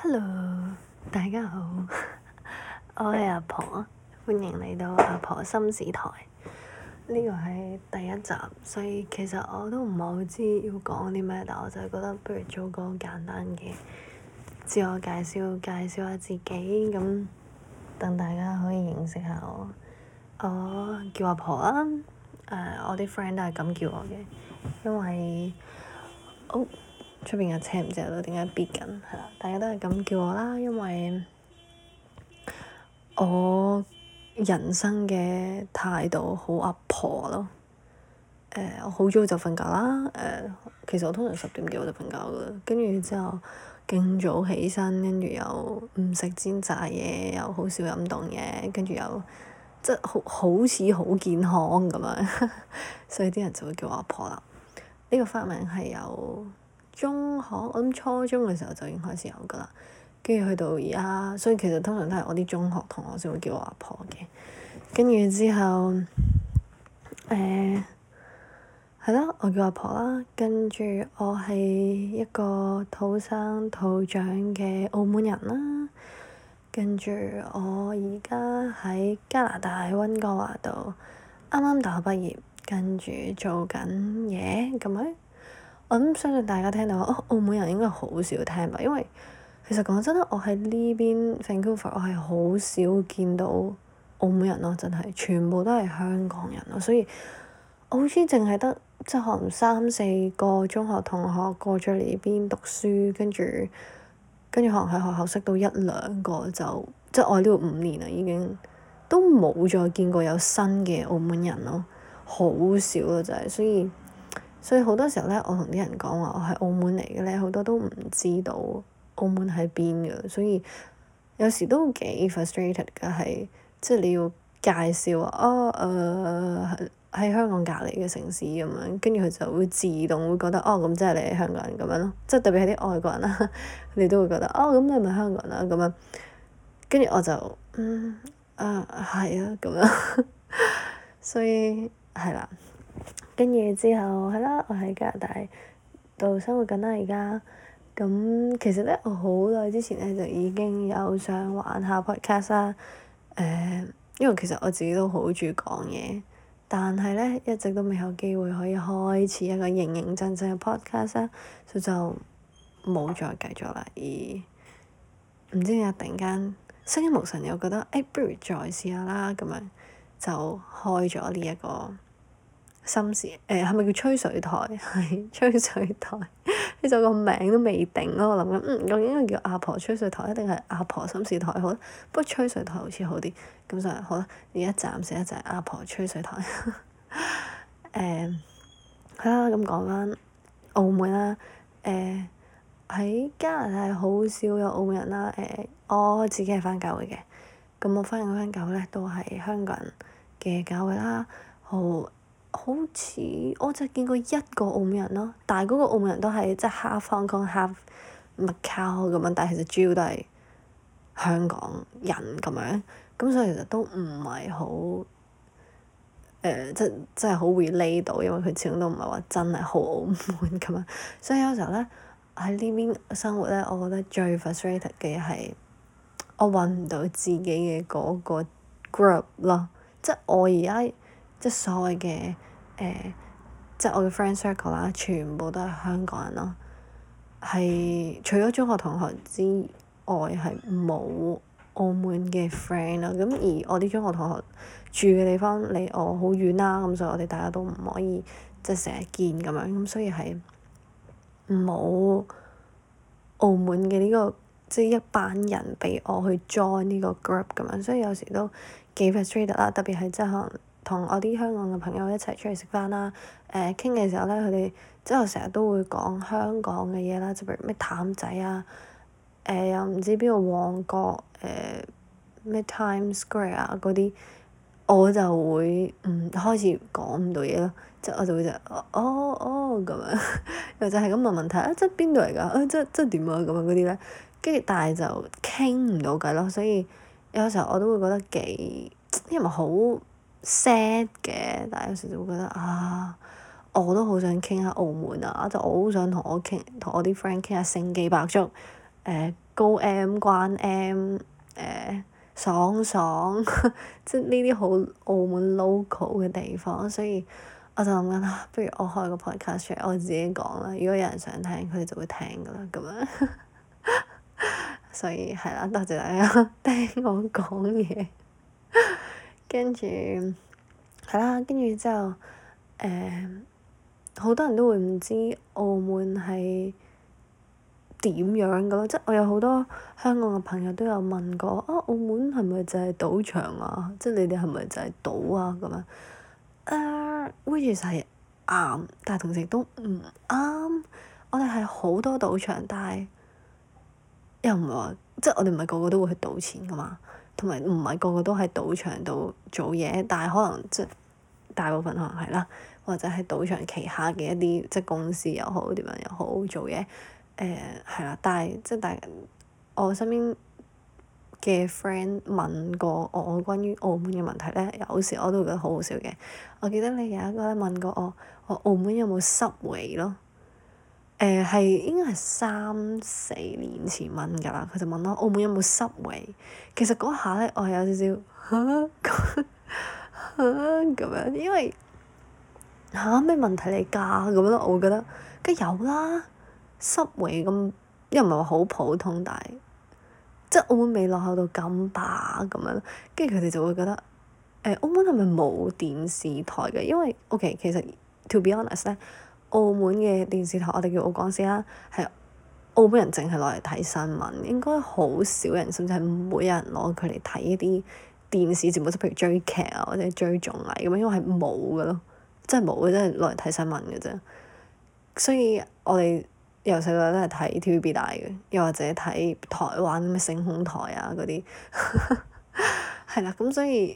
Hello，大家好， 我係阿婆，歡迎嚟到阿婆心事台。呢個係第一集，所以其實我都唔係好知要講啲咩，但我就係覺得不如做個簡單嘅自我介紹，介紹下自己咁，等大家可以認識下我。我叫阿婆啦，誒、呃，我啲 friend 都係咁叫我嘅，因為、哦出邊嘅車唔知喺度點解逼緊？係啦，大家都係咁叫我啦，因為我人生嘅態度好阿婆咯。誒、呃，我好早就瞓覺啦。誒、呃，其實我通常十點幾我就瞓覺㗎喇，跟住之後勁早起身，跟住又唔食煎炸嘢，又好少飲凍嘢，跟住又即係好好似好健康咁樣， 所以啲人就會叫我阿婆啦。呢、呢個花名係有。中學我諗初中嘅時候就已經開始有㗎喇，跟住去到而家，所以其實通常都係我啲中學同學先會叫我阿婆嘅。跟住之後，誒、呃，係咯，我叫我阿婆啦。跟住我係一個土生土長嘅澳門人啦。跟住我而家喺加拿大溫哥華度，啱啱大學畢業，跟住做緊嘢咁樣。我相信大家聽到哦，澳門人應該好少聽吧，因為其實講真啦，我喺呢邊、Vancouver，我係好少見到澳門人咯，真係全部都係香港人咯，所以我好似淨係得即係可能三四個中學同學過咗嚟呢邊讀書，跟住跟住可能喺學校識到一兩個，就即係我呢度五年啦已經都冇再見過有新嘅澳門人咯，好少咯真係，所以。所以好多時候咧，我同啲人講話我係澳門嚟嘅咧，好多都唔知道澳門喺邊嘅，所以有時都幾 frustrated 嘅係，即係你要介紹啊，誒、哦、呃、喺香港隔離嘅城市咁樣，跟住佢就會自動會覺得哦，咁即係你係香港人咁樣咯，即係特別係啲外國人啦，你都會覺得哦，咁你咪香港人啦咁樣，跟住我就嗯啊係啊咁樣，所以係啦。跟住之後，係啦，我喺加拿大度生活緊啦而家。咁其實咧，我好耐之前咧就已經有想玩下 podcast 啦、呃。因為其實我自己都好鍾意講嘢，但係咧一直都未有機會可以開始一個認認真真嘅 podcast 啦，所以就冇再繼續啦。而唔知點解突然間，失驚無神，又覺得誒、欸，不如再試下啦咁樣，就開咗呢一個。心事誒係咪叫吹水台？係 吹水台，呢就個名都未定咯。我諗緊，嗯，究竟應該叫阿婆吹水台，一定係阿婆心事台好。不過吹水台好似好啲，咁就好啦。而家暫時咧就係阿婆吹水台。誒、 嗯，係啦，咁講翻澳門啦。誒、嗯、喺加拿大好少有澳門人啦。誒、嗯，我自己係翻教會嘅，咁我翻緊翻教會咧都係香港人嘅教會啦，好～好似我就見過一個澳門人咯，但係嗰個澳門人都係即係 half 香港 half Macau 咁樣，但係其實主要都係香港人咁樣，咁所以其實都唔係好誒，即係即係好 relate 到，因為佢始終都唔係話真係好澳門咁樣，所以有時候咧喺呢邊生活咧，我覺得最 frustrated 嘅係我揾唔到自己嘅嗰個 group 咯，即係我而家。即係所謂嘅誒、呃，即係我嘅 friend circle 啦，全部都係香港人咯。係除咗中學同學之外，係冇澳門嘅 friend 啦。咁而我啲中學同學住嘅地方離我好遠啦、啊，咁所以我哋大家都唔可以即係成日見咁樣，咁所以係冇澳門嘅呢、呢個即係一班人俾我去 join 呢個 group 咁樣，所以有時都幾 frustrated 啦，特別係即係可能。同我啲香港嘅朋友一齊出去食飯啦。誒，傾嘅時候咧，佢哋之後成日都會講香港嘅嘢啦，即譬如咩譚仔啊，誒又唔知邊個旺角誒咩、呃、Times Square 啊嗰啲，我就會嗯開始講唔到嘢咯。即係我就會就哦哦咁樣，或 就係咁問問題啊，即係邊度嚟㗎？啊即係即係點啊咁樣嗰啲咧。跟住但係就傾唔到偈咯，所以有時候我都會覺得幾因為好。sad 嘅，但係有時就會覺得啊，我都好想傾下澳門啊，就好想同我傾，同我啲 friend 傾下聖記白粥，誒、呃、高 M 關 M，誒、呃、爽爽，即係呢啲好澳門 local 嘅地方，所以我就諗緊啊，不如我開個 podcast 出嚟，我自己講啦，如果有人想聽，佢哋就會聽㗎啦，咁樣， 所以係啦，多謝大家聽我講嘢。 跟住，係啦，跟住之後，誒，好多人都會唔知澳門係點樣噶咯，即係我有好多香港嘅朋友都有問過，啊，澳門係咪就係賭場啊？即係你哋係咪就係賭啊咁樣？誒，會住就係啱，但係同時都唔啱。我哋係好多賭場，但係又唔係話，即係我哋唔係個個都會去賭錢噶嘛。同埋唔係個個都喺賭場度做嘢，但係可能即係大部分可能係啦，或者係賭場旗下嘅一啲即係公司又好，點樣又好做嘢，誒係、呃、啦。但係即係但我身邊嘅 friend 問過我關於澳門嘅問題咧，有時我都覺得好好笑嘅。我記得你有一個問過我，我澳門有冇 subway 咯？誒係、呃、應該係三四年前問㗎啦，佢就問我澳門有冇 subway？其實嗰下咧，我係有少少嚇咁樣，因為吓，咩問題嚟㗎咁咯？我會覺得，梗係有啦，subway 咁又唔係話好普通，但係即係澳門未落後到咁把咁樣，跟住佢哋就會覺得誒、欸、澳門係咪冇電視台嘅？因為 OK，其實 to be honest 咧。澳門嘅電視台，我哋叫澳廣視啦，係澳門人淨係攞嚟睇新聞，應該好少人，甚至係唔會有人攞佢嚟睇一啲電視節目，即譬如追劇啊或者追綜藝咁樣，因為係冇嘅咯，即係冇嘅，即係攞嚟睇新聞嘅啫。所以我哋由細到大都係睇 TVB 大嘅，又或者睇台灣咩星空台啊嗰啲，係啦，咁 所以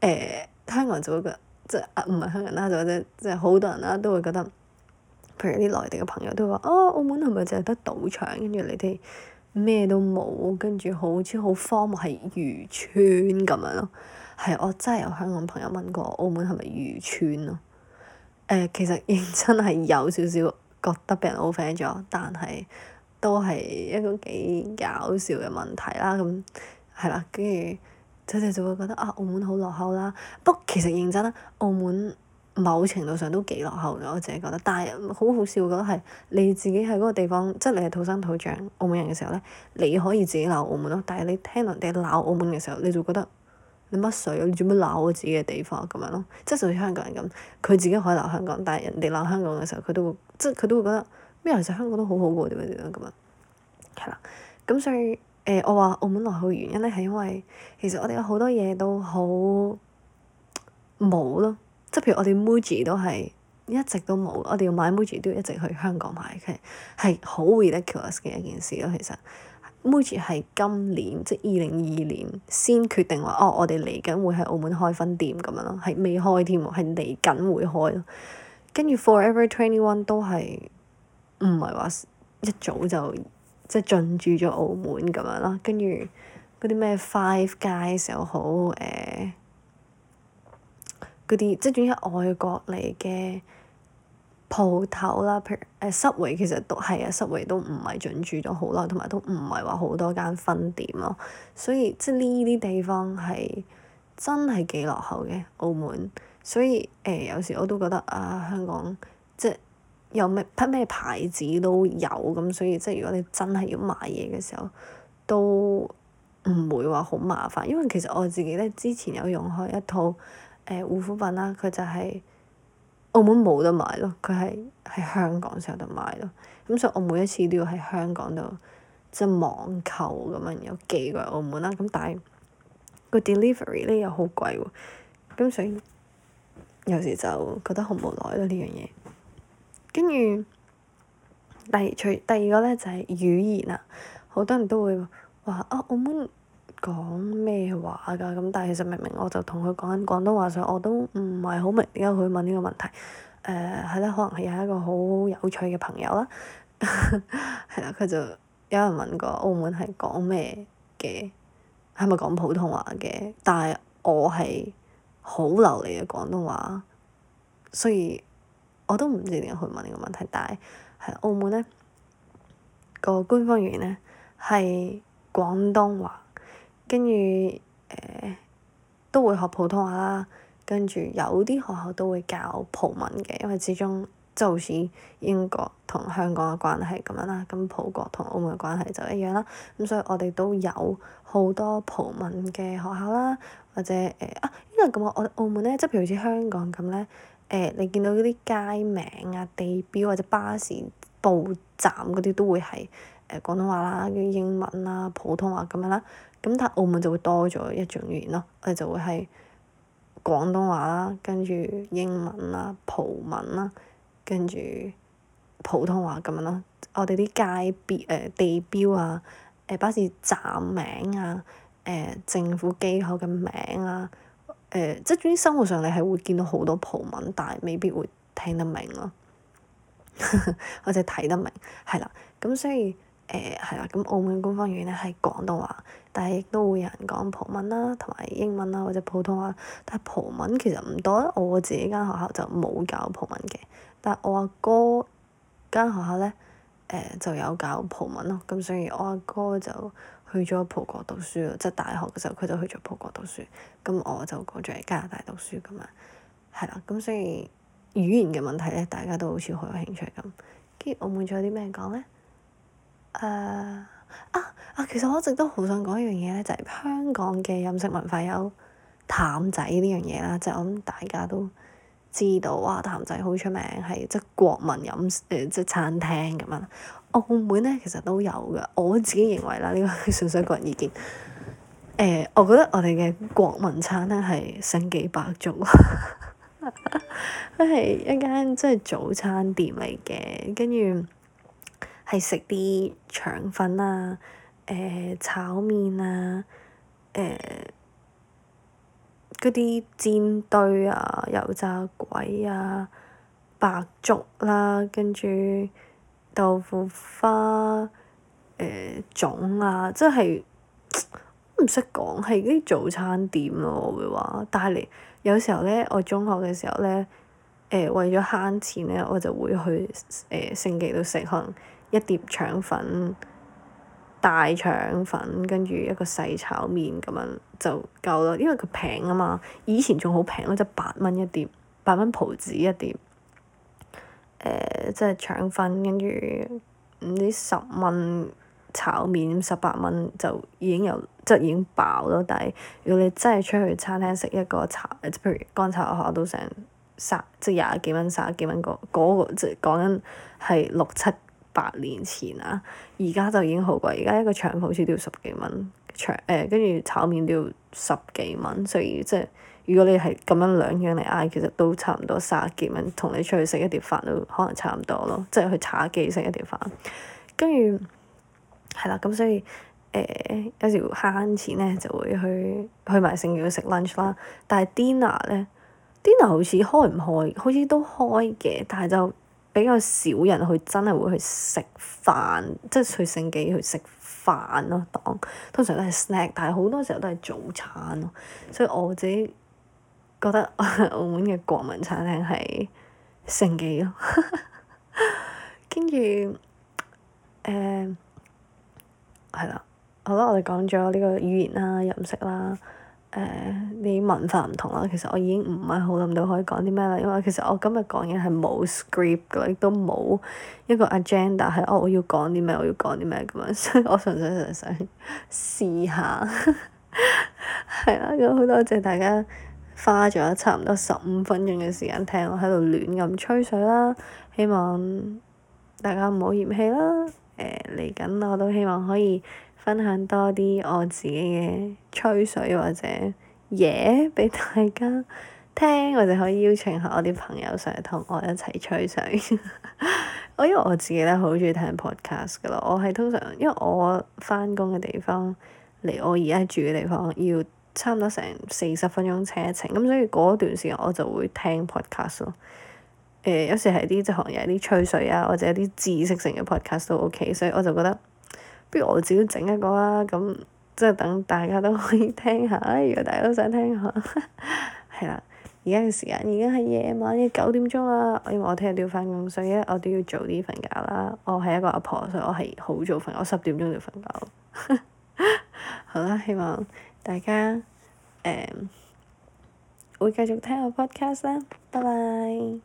誒、呃、香港人就會覺。即係啊，唔係香港人啦，或者即係好多人啦，都會覺得，譬如啲內地嘅朋友都話：哦，澳門係咪淨係得賭場，跟住你哋咩都冇，跟住好似好荒漠係漁村咁樣咯。係，我真係有香港朋友問過，澳門係咪漁村咯？誒、呃，其實認真係有少少覺得俾人 over 咗，但係都係一個幾搞笑嘅問題啦。咁係啦，跟住。佢哋就會覺得啊，澳門好落後啦。不過其實認真啦，澳門某程度上都幾落後嘅，我自己覺得。但係好好笑，我覺得係你自己喺嗰個地方，即係你係土生土長澳門人嘅時候咧，你可以自己鬧澳門咯。但係你聽人哋鬧澳門嘅時候，你就覺得你乜水啊？你做乜鬧我自己嘅地方咁樣咯？即係好似香港人咁，佢自己可以鬧香港，但係人哋鬧香港嘅時候，佢都會即係佢都會覺得咩？其實香港都好好過點樣點樣咁樣？係啦，咁所以。誒、呃、我話澳門來去原因咧，係因為其實我哋有好多嘢都好冇咯，即譬如我哋 Muji 都係一直都冇，我哋要買 Muji 都要一直去香港買，佢係好 ridiculous 嘅一件事咯。其實 Muji 係今年，即二零二二年先決定話哦，我哋嚟緊會喺澳門開分店咁樣咯，係未開添喎，係嚟緊會開。跟住 Forever Twenty One 都係唔係話一早就？即係進駐咗澳門咁樣啦，跟住嗰啲咩 Five Guys 又好，誒嗰啲即係總之係外國嚟嘅鋪頭啦，譬如誒 Subway 其實都係啊，Subway 都唔係進駐咗好耐，同埋都唔係話好多間分店咯，所以即係呢啲地方係真係幾落後嘅澳門，所以誒、欸、有時我都覺得啊香港。有咩批咩牌子都有，咁所以即係如果你真係要買嘢嘅時候，都唔會話好麻煩。因為其實我自己咧之前有用開一套誒、呃、護膚品啦，佢就係、是、澳門冇得買咯，佢係喺香港先有得買咯。咁所以我每一次都要喺香港度即係網購咁樣，有後寄過澳門啦。咁但係個 delivery 咧又好貴喎，咁所以有時就覺得好無奈咯呢樣嘢。跟住，第二除第二個咧就係、是、語言啊，好多人都會話啊澳門講咩話噶？咁但係其實明明我就同佢講緊廣東話，所以我都唔係好明點解佢問呢個問題。誒係啦，可能係有一個好有趣嘅朋友啦，係 啦，佢就有人問過澳門係講咩嘅，係咪講普通話嘅？但係我係好流利嘅廣東話，所以。我都唔知點樣去問呢個問題，但係喺澳門咧，個官方語言咧係廣東話，跟住誒都會學普通話啦，跟住有啲學校都會教葡文嘅，因為始終就似英國同香港嘅關係咁樣啦，咁葡國同澳門嘅關係就一樣啦，咁所以我哋都有好多葡文嘅學校啦，或者誒、欸、啊，應該咁講，我澳門咧，即係譬如好似香港咁咧。誒、呃，你見到嗰啲街名啊、地標或者巴士報站嗰啲都會係誒、呃、廣東話啦，英文啦、普通話咁樣啦。咁但係澳門就會多咗一種語言咯，我哋就會係廣東話啦，跟住英文啦、葡文啦，跟住普通話咁樣咯。我哋啲街別、呃、地標啊、誒、呃、巴士站名啊、誒、呃、政府機構嘅名啊。誒、呃，即係於生活上，你係會見到好多葡文，但係未必會聽得明咯，或者睇得明，係啦。咁所以誒係、呃、啦，咁澳門官方語言咧係廣東話，但係亦都會有人講葡文啦，同埋英文啦，或者普通話。但係葡文其實唔多，我自己間學校就冇教葡文嘅，但我阿哥間學校咧誒、呃、就有教葡文咯。咁所以我阿哥就～去咗葡國讀書咯，即係大學嘅時候佢就去咗葡國讀書，咁我就過咗嚟加拿大讀書㗎嘛，係啦，咁所以語言嘅問題咧，大家都好似好有興趣咁。跟住澳門仲有啲咩講咧？誒、uh, 啊啊，啊！其實我一直都好想講一樣嘢咧，就係、是、香港嘅飲食文化有淡仔呢樣嘢啦，就係、我諗、大家都。知道啊，譚仔好出名，係即係國民飲食誒即、呃就是、餐廳咁樣。澳門咧其實都有嘅，我自己認為啦，呢個純粹個人意見。誒、呃，我覺得我哋嘅國民餐咧係新記百種，都係一間即係早餐店嚟嘅，跟住係食啲腸粉啊、誒、呃、炒麵啊、誒、呃。嗰啲煎堆啊、油炸鬼啊、白粥啦、啊，跟住豆腐花、誒、呃、粽啊，即係唔識講，係啲早餐店咯、啊，我會話。但係你有時候咧，我中學嘅時候咧，誒、呃、為咗慳錢咧，我就會去誒聖記度食，可能一碟腸粉。大腸粉跟住一個細炒麵咁樣就夠咯，因為佢平啊嘛。以前仲好平咯，即係八蚊一碟，八蚊葡紙一碟。誒、呃，即係腸粉跟住唔知十蚊炒麵十八蚊就已經有，即係已經飽咗底。如果你真係出去餐廳食一個炒，就是，譬如乾炒牛河都成三即係廿幾蚊、三十幾蚊個嗰個，即係講緊係六七。八年前啊，而家就已經好貴。而家一個腸好似都要十幾蚊，腸誒跟住炒麵都要十幾蚊，所以即係，如果你係咁樣兩樣嚟嗌，其實都差唔多卅幾蚊，同你出去食一碟飯都可能差唔多咯，即係去茶記食一碟飯，跟住係啦。咁所以誒有時慳錢咧，就會去去埋聖喬食 lunch 啦。但係 dinner 咧，dinner 好似開唔開，好似都開嘅，但係就。比較少人去真係會去食飯，即係去聖記去食飯咯。當通常都係 snack，但係好多時候都係早餐咯。所以我自己覺得澳門嘅國民餐廳係聖記咯，跟住誒係啦。好啦，我哋講咗呢個語言啦、飲食啦。誒，uh, 你文化唔同啦，其實我已經唔係好諗到可以講啲咩啦，因為其實我今日講嘢係冇 script 嘅，亦都冇一個 agenda 係、哦、我要講啲咩，我要講啲咩咁樣，所以我純粹就係想試下，係 啦、啊，咁好多謝大家花咗差唔多十五分鐘嘅時間聽我喺度亂咁吹水啦，希望大家唔好嫌棄啦。誒，嚟緊，uh, 我都希望可以分享多啲我自己嘅吹水或者嘢俾大家聽，或者可以邀請下我啲朋友上嚟同我一齊吹水。我 因為我自己咧好中意聽 podcast 噶咯，我係通常因為我翻工嘅地方離，我而家住嘅地方要差唔多成四十分鐘車程，咁所以嗰段時間我就會聽 podcast 咯。誒、呃、有時係啲即行業係啲吹水啊，或者啲知識性嘅 podcast 都 OK，所以我就覺得不如我自己整一個啦。咁即係等大家都可以聽下，如果大家都想聽下，係 啦。而家嘅時間已經係夜晚嘅九點鐘啦。因為我聽日都要翻工，所以咧我都要早啲瞓覺啦。我係一個阿婆、婆，所以我係好早瞓，我十點鐘就瞓覺。 好啦，希望大家誒、呃、會繼續聽我 podcast 啦。拜拜。